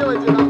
对了，记